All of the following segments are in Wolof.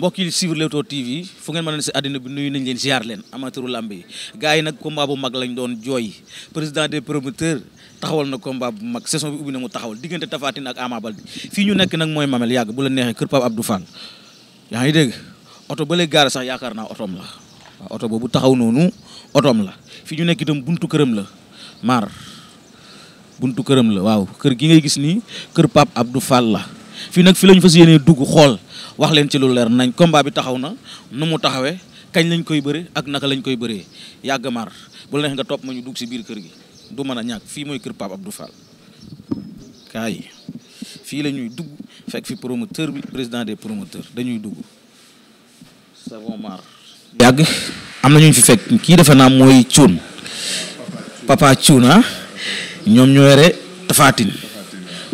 mbokk yi suivre Leewtoo TV fu ngeen mën a ne si àddina bi nuyu nañ leen ziar leen amateuru làmb yi gars yi nag combat bu mag lañ doon jooy président des promoteurs taxawal na combat bu mag saison bi ubbi na mu taxawal diggante Tapha Tine ak Ama Baldé fii ñu nekk nag mooy Mamel yàgg bu la neexee kër Pape Abdou Fall yaa ngi dégg oto ba lay sax yaakaar naa otoom la waaw oto boobu taxaw noonu otoom la fii ñu nekk itam buntu këram la maar buntu këram la waaw kër gi ngay gis nii kër ab du Fall la fii nag fi lañu fas yéenee dugg xool wax leen ci lu leer nañ combat bi taxaw na nu mu taxawee kañ lañ koy bëre ak naka lañ koy bëree yàgg mar bu la neex nga topp ma ñu dugg si biir kër gi du mën a ñàkk fii mooy kër Pape Abdou Fall kaay fii lañuy dugg fekk fi promoteur bi président des promoteurs dañuy dugg savon maar yàgg am na ñu fi fekk kii defe naa mooy cuun papa cuuna ah, ñoom ñoo yore tafaatin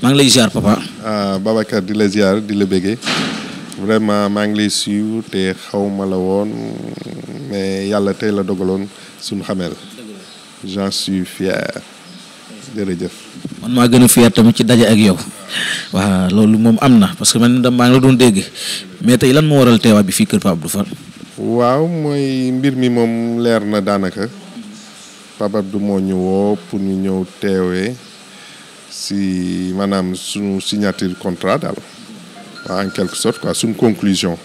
maa ngi lay ziar papa. Ah, Babacar di la ziar di la béggee vraiment maa ngi lay suivre te xawma la woon mais yàlla tey la dogaloon suñu xamel j'en suis fier jërëjëf. man maa gën a fier tamit ci daje ak yow waaw loolu moom am na parce que man da maa ngi la doon dégg mais tey lan moo waral teewaay bi fii kër Pape Abdou Fall. waaw mooy mbir mi moom leer na daanaka Pape du moo ñu pour ñu ñëw teewee. si maanaam suñu signature contrat daal waaw en quelque sorte quoi suñu conclusion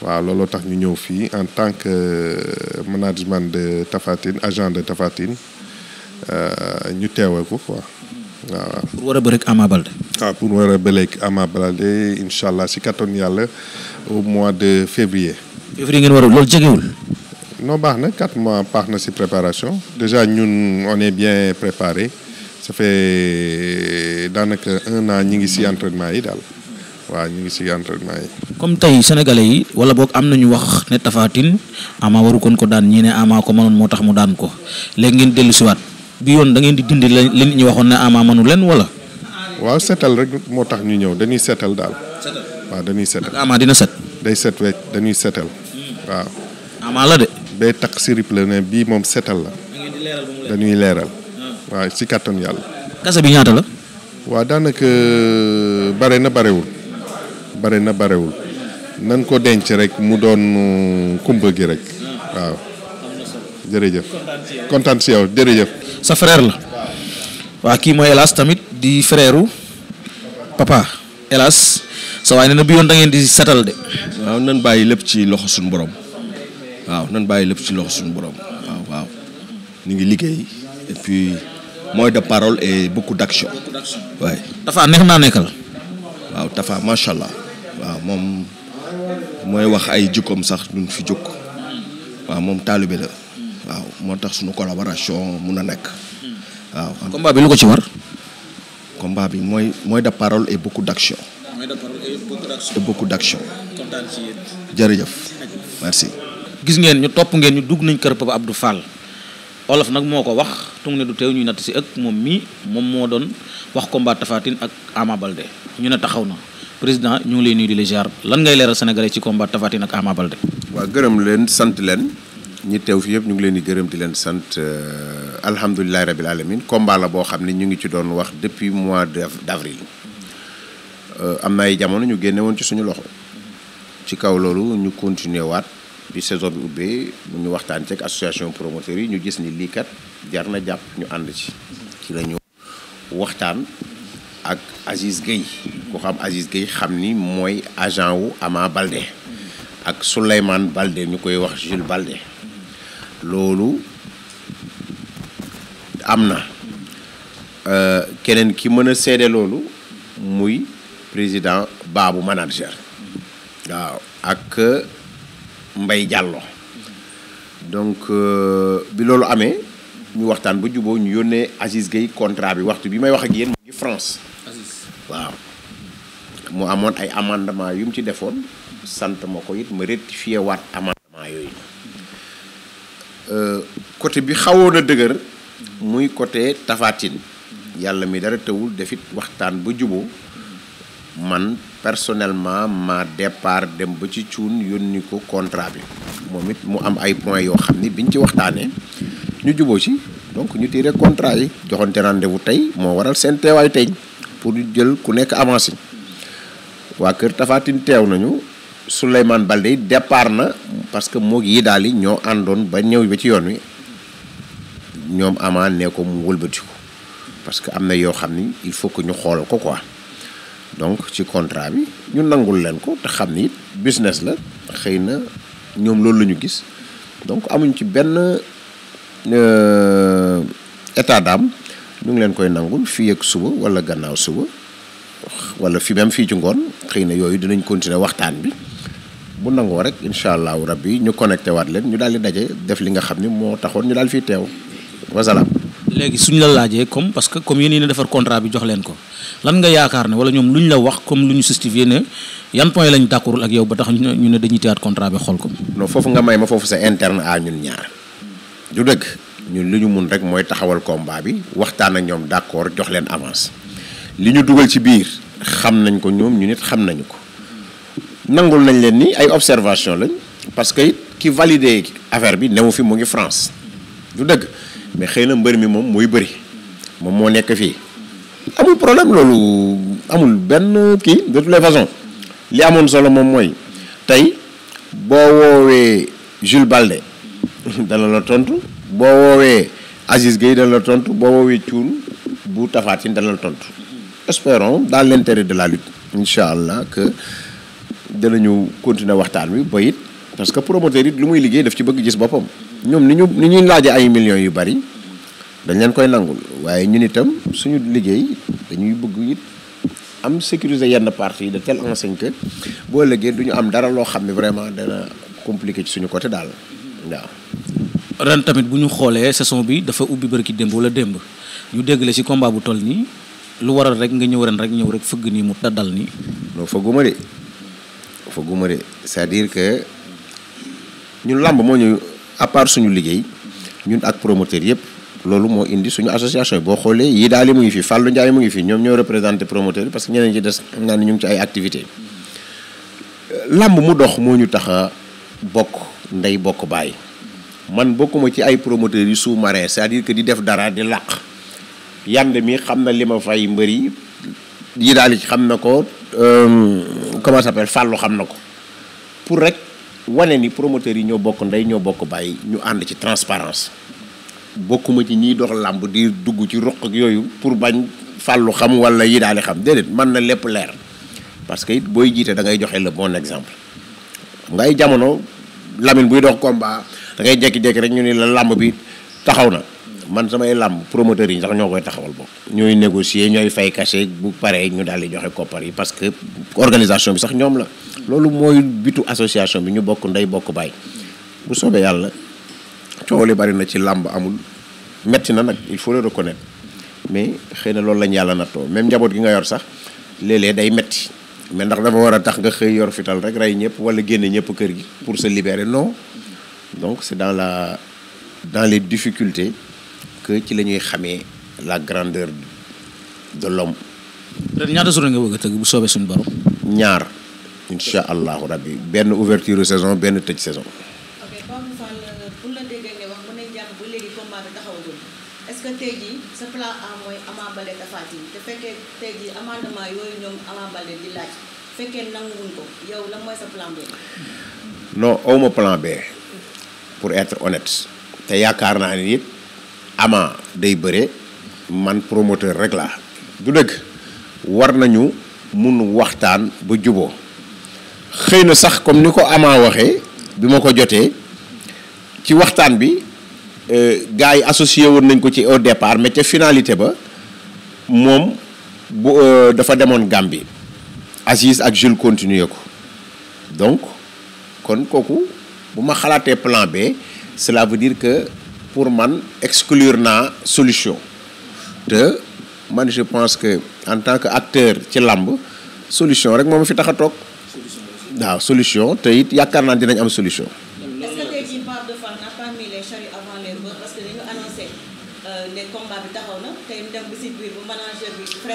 waaw looloo tax ñu ñëw fii en tant que euh, management de Tafatine agent de Tafatine euh, ñu teewee ko quoi waaw. pour war a bëreeg Ama Baldé. waaw ah, pour si kattan yàlla au mois de février. février ngeen war loolu jegewul. non baax na quatre mois paax na si préparation déjà ñun on est bien préparé. ça fait euh, daanaka un an ñi ngi si entraînement yi daal waaw ñu ngi si entraînement yi. comme tey sénégalais yi wala boog am na ñu wax ne Tapha Tine Ama waru kon ko daan ñii ne Ama ko mënoon moo tax mu daan ko léegi ngeen dellu siwaat bi yoon da ngeen di dindi la li nit ñi waxoon ne Ama manu leen wala. waaw seetal rek moo tax ñu ñëw dañuy seetal daal. seetal waaw dañuy seetal. Ama dina set. day set wecc dañuy seetal. Hmm. waaw. Ama la de. bay takk sirip la ne bii moom seetal la. dañuy leeral. waaw si kàttan yàlla. kasa bi ñaata la. waa daanaka bare na barewul bare na barewul nan ko denc rek mu doon uh, kumba gi rek waaw. jërëjëf kontaan si yow jërëjëf. sa frère la. waa kii mooy Elas tamit di frère papa Elas sa waay ne na bi yoon da ngeen di setal de. waaw nan bàyyi lépp ci loxo suñu boroom waaw nan bàyyi lépp ci loxo suñu boroom waaw waaw ñu ngi liggéey et mooy de parole et beaucoup d'action. waay Tafa neex naa nekkal. waaw Tafa macha allah waaw moom mooy wax ay jikkoom sax ñu fi jóg waaw moom taalibe la waaw moo tax suñu collaboration mun a nekk waaw. combat bi lu ko ci war. combat bi mooy mooy de parole et beaucoup d'action. mooy de parole et beaucoup merci. gis ngeen ñu topp ngeen ñu dugg nañ kër Papa Abdou Fall. olof nag moo ko wax tung ne du teew ñuy natt si ëkk moom mii moom moo doon wax combat Tapha ak Ama ñu ne taxaw na président ñu ngi lay nuyu di la ziar lan ngay leeral Sénégalais ci combat Tapha Tine ak Ama Balde. gërëm leen sant leen ñi teew fi yëpp ñu ngi leen di gërëm di leen sant euh, alhamdulilah rabil alamin combat la boo xam ne ñu ngi ci doon wax depuis mois d'avril euh, am na jamono ñu génne woon ci suñu loxo ci kaw loolu ñu continuer waat. bi saison bi ubbee mu ñu waxtaan cek ak association promoteurs yi ñu gis ni lii kat jar na jàpp ñu ànd ci. ci la waxtaan ak Aziz Gueye ku xam Aziz Gueye xam ni mooy agent wu Ama Balde ak Souleymane Balde ñu koy wax Jules Balde loolu am na euh, keneen ki mën a seede loolu muy président baabu manager waaw ak. Mbay Jàllo donc euh, bi loolu amee ñu waxtaan ba juboo ñu yónnee Aziz Gueye contrat bi waxtu bi may wax ak yéen mu ngi France waaw mu amoon ay amendement yu mu ci defoon sant ma ko it ma rectifié waat amendement yooyu euh, côté bi xawoon a dëgër muy côté Tapha Tine yàlla mi dara tëwul defit waxtaan ba juboo man personnellement ma départ dem ba ci cuun yónni ko contrat bi moom it mu am ay points yoo xam ni biñ ci waxtaanee ñu juboo ci donc ñu tiré contrat yi joxante rendez-vous tey moo waral seen teewaay tey pour ñu jël ku nekk avancé waa kër tafaatin teew nañu Souleymane Balde départ na parce que moog yi daal yi ñoo àndoon ba ñëw ba ci yoon wi ñoom amaa ne ko mu wëlbatiku parce que am na yoo xam ni il faut que ñu xool ko quoi. donc ci contrat bi ñu nangul leen ko te xam ni it business la xëy na ñoom loolu la ñu gis donc amuñ ci benn euh, état d'âme ñu ngi leen koy nangul fii ak suba wala gannaaw suba wala fii même fii ci ngoon xëy na yooyu dinañ continuer waxtaan bi bu nangoo rek incha allahu rabbi ñu connecté waat leen ñu daal di daje def li nga xam ni moo taxoon ñu daal fii teew wasalaam. léegi suñ la laajee comme parce que comme yéen a defar contrat bi jox leen ko. lan nga yaakaar ne wala ñoom lu ñu la wax comme lu ñu justifié ne yan point lañ d'accordul ak yow ba tax ñu ne dañuy teewaat contrat bi xool ko. non foofu nga may ma foofu sa interne à ñun ñaar du dëgg ñun lu ñu mun rek mooy taxawal combat bi waxtaan ak ñoom d'accord jox leen avance li ñu dugal ci biir xam nañ ko ñoom ñu nit xam nañu ko nangul nañ leen ni ay observation lañ parce que it ki validé affaire bi newu fi mu ngi France du dëgg mais xëy na mbër mi moom muy bëri moom moo nekk fii. amul problème loolu amul benn kii de toutes les façons li amoon solo moom mooy tey boo woowee Jules Balde dana la tontu boo woowee Aziz Gueye dana la tontu boo woowee Thioune bu Tapha Tine dana la tontu espérons leen tere de la lutte incha allah que danañu continuer waxtaan wi ba it parce que promoteur it lu muy liggéey def ci bëgg gis boppam ñoom ni ñu ni ñuy laaje ay millions yu bari dañ leen koy nangul waaye ñun itam suñu liggéey dañuy bëgg it am sécuriser yenn parties de telle enseigne boo ëllëgee du ñu am dara loo xam ne vraiment dana compliqué ci suñu côté daal waaw. ren tamit bu ñu xoolee saison bi dafa ubbi bërki démb wala démb ñu dégg la ci combat bu toll nii lu waral rek nga ñëw ren rek ñëw rek fëgg nii mu dal nii. non fëgguma de fëgguma de cest dire que ñun làmb moo ñu à suñu liggéey ñun ak promoteur yëpp. loolu moo indi suñu association boo xoolee yi daal mu ngi fi Fallou Ndiaye mu ngi fi ñoom ñoo représenté promoteur yi parce que ñeneen ci des xam naa ne ñu ngi ci ay activité làmb mu dox moo ñu tax bokk ndey bokk bàyyi man bokkuma ci ay promoteurs yi sous-marin c'est-à-dire que di def dara di làq yand mi xam na li ma fay mbëri yi daal ci xam na ko euh, comment ça s'appelle Fallou xam na ko pour rek wane ni promoteurs yi ñoo bokk ndey ñoo bokk bàyyi ñu ànd ci transparence bokkuma ci ñiy dox làmb di dugg ci ruq ak yooyu pour bañ fàllu xam walla yi daali xam déedéet man na lépp leer parce que it booy jiite da ngay joxe la bon exemple ngay jamono Lamine buy dox combat da ngay jekki-jekki rek ñu ni la làmb bi taxaw na man samay làmb promoteur yi sax ñoo koy taxawal bokk ñooy négocier ñooy fay cachet ñu daal di joxe koppar yi parce que organisation bi sax ñoom la loolu mooy bitu association bi ñu bokk ndey bokk baay bu soobee yàlla coow li bari na ci làmb amul metti na nag il faut le reconnaître mais xëy na loolu lañ yàlla nattoo même njaboot gi nga yor sax léeg day metti mais ndax dafa war a tax nga xëy yor fital rek rey ñëpp wala génne ñëpp kër gi pour se libérer non donc c'est dans la dans les difficultés que ci la ñuy xamee la grandeur de l'homme ren ñaata journée nga bëgg a tëgg bu soobee suñu borom. ñaar incha allahu rabbi benn ouverture saison benn tëj saison. que tey jii sa plan A mooy Ama Baldé te fekkee tey jii amendement yooyu ñoom Ama Baldé di laaj fekkee nanguwuñ ko yow lan mooy sa plan B. non awma plan B pour être honnête te yaakaar naa ni it Ama day bëre man promoteur rek laa. du dëgg war nañu mun waxtaan ba juboo xëy na sax comme ni ko Ama waxee bi ma ko jotee ci waxtaan bi. Euh, gars yi associé woon nañ ko ci au départ mais ca finalité ba moom bu euh, dafa demoon Gambie Aziz ak Jules continuer ko donc kon kooku bu ma xalaatee plan B cela veut dire que pour man exclure naa solution te man je pense que en tant que acteur ci làmb solution rek moom fi tax a toog waaw solution te it yaakaar naa dinañ am solution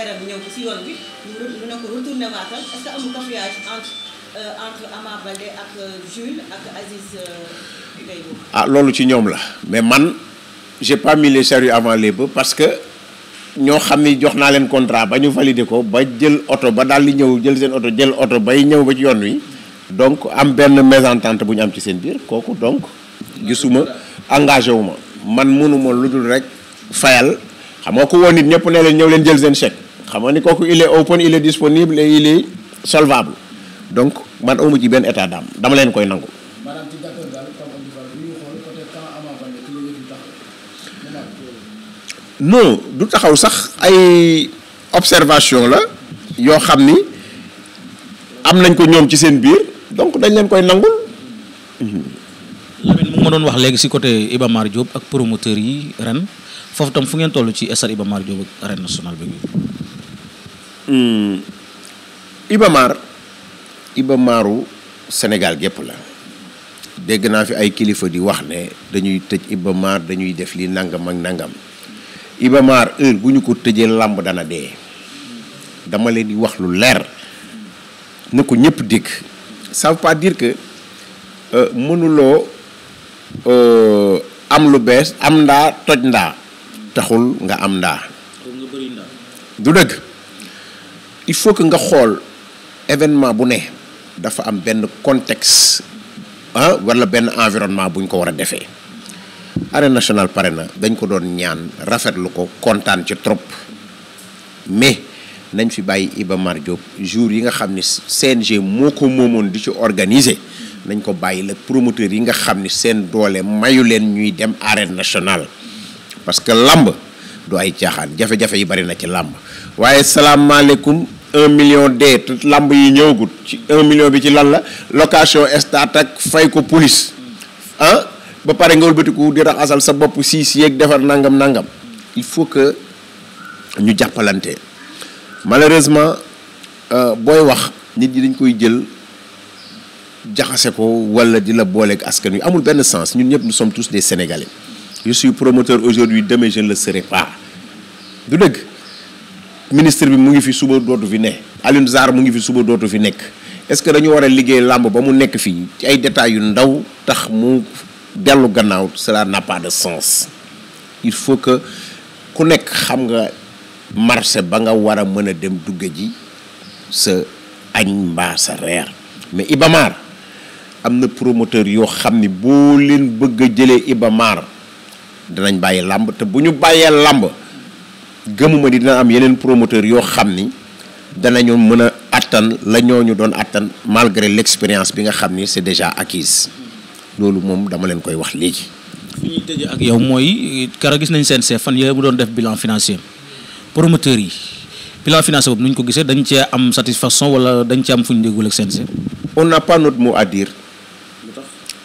frère euh, euh, euh, ah loolu ci ñoom la mais man j'ai pas mis les charrues avant les parce que ñoo xam ni jox naa leen contrat ba ñu valider ko ba jël oto ba dal di ñëw jël seen oto jël oto bay ñëw ba ci yoon wi donc am benn mésentente bu ñu am ci seen biir kooku donc gisuma engagé wu ma man mënuma lu dul rek fayal xam nga ko woon nit ñëpp ne leen ñëw leen jël seen chèque xam nga ni kooku il est open il est disponible et il est solvable donc man amu benn état d'âme dama leen koy nangu. non du taxaw sax ay observation la yoo xam ni am nañ ko ñoom ci seen biir donc dañ leen koy nangul. Lamine mu ma doon wax léegi si côté Iba Mar Diop ak promoteur yi ren foofu tam fu ngeen toll ci stade Iba Mar Diop ak arène nationale bi. Hmm. Ibamaar Ibamaaru senegal gépp la dégg naa fi ay kilifa di wax ne dañuy tëj Ibamaar dañuy def li nangam ak nangam Ibamaar heure bu ñu ko tëjee làmb dana dee dama leen di wax lu leer na ko ñëpp dégg ça pas dire que euh, mënuloo euh, am lu bees am ndaa toj ndaa taxul nga am ndaa du dëgg il faut que nga xool événement bu ne dafa am benn contexte ah wala benn environnement bu ñu ko war a defee. arène national pare na dañ ko doon ñaan rafetlu ko kontaan ci trop mais nañ fi bàyyi Iba Mar Diop jour yi nga xam ni seen CNG moo ko moomoon di ci organiser nañ ko bàyyi la promoteur yi nga xam ni seen doole mayu leen ñuy dem arène national parce que làmb du ay caaxaan jafe-jafe yi bari na ci làmb waaye salaamaaleykum un million de te lamb yi ñëwagut ci un million bi ci lan la location stade ak fay ko police ah ba pare nga wëlbatiku di raxasal sa bopp si si yeeg defar nangam nangam il faut que ñu jàppalante malheureusement euh, booy wax nit ñi dañ koy jël jaxase ko wala di la booleeg askan wi amul benn sens ñun ñëpp nous tous des sénégalais je promoteur aujourd'hui demain je ne le serai pas du dëgg. ministre bi mu ngi fi suba dootu fi ne Alioune Sarr mu ngi fi suba dootu fi nekk est-ce que dañu war a liggéey làmb ba mu nekk fii ci ay détails yu ndaw tax mu dellu gannaaw cela n'a pas de sens il faut que ku nekk xam nga marché ba nga war a mën a dem dugg ji sa añ mbaa sa reer mais Ibamar am na promoteur yoo xam ni boo leen bëgg a jëlee Ibamar danañ bàyyi làmb te bu ñu bàyyee làmb gëmuma ni dina am yeneen promoteur yoo xam ni dana danañu mën a attan la ñu doon attan malgré l'expérience bi nga xam ni c'est déjà acquise loolu moom dama leen koy wax léegi. fi ak yow mooy kara gis nañ seen fan yooyu mu doon def bilan financier promoteur yi bilan financier boobu nu ñu ko gisee dañ cee am satisfaction wala dañ cee am fu ñu déggul ak CNG. on n'a pas notre mot à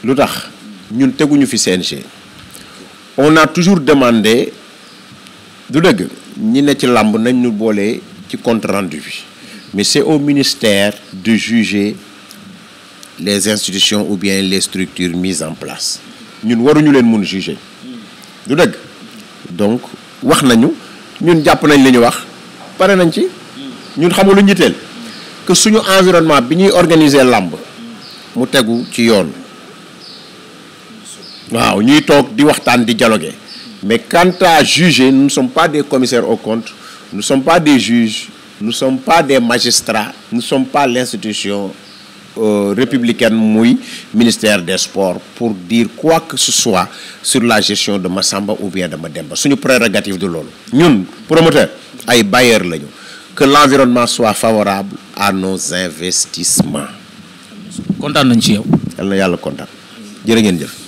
lu tax ñun teguñu fi CNG. on a toujours demandé. du dëgg ñi ne ci làmb nañ ñu boolee ci compte rendu bi mais c'est au ministère de juger les institutions ou bien les structures mises en place ñun waruñu leen mun juger du dëgg donc wax nañu ñun jàpp nañ li ñu wax pare nañ ci ñun xamul lu ñu njiteel que suñu environnement bi ñuy organiser làmb mu tegu ci yoon waaw ñuy toog di waxtaan di dialoguer Mais quant à juger, nous ne sommes pas des commissaires aux comptes, nous ne sommes pas des juges, nous ne sommes pas des magistrats, nous ne sommes pas l'institution euh, républicaine mouille, ministère des Sports, pour dire quoi que ce soit sur la gestion de ma samba ou bien de ma Mademba. C'est une prérogative de l'ONU. Nous, promoteurs, ay bailleurs lañu. Que l'environnement soit favorable à nos investissements. kontaan nañ ci yow. yal na yàlla kontaan jërë ngeen jëf.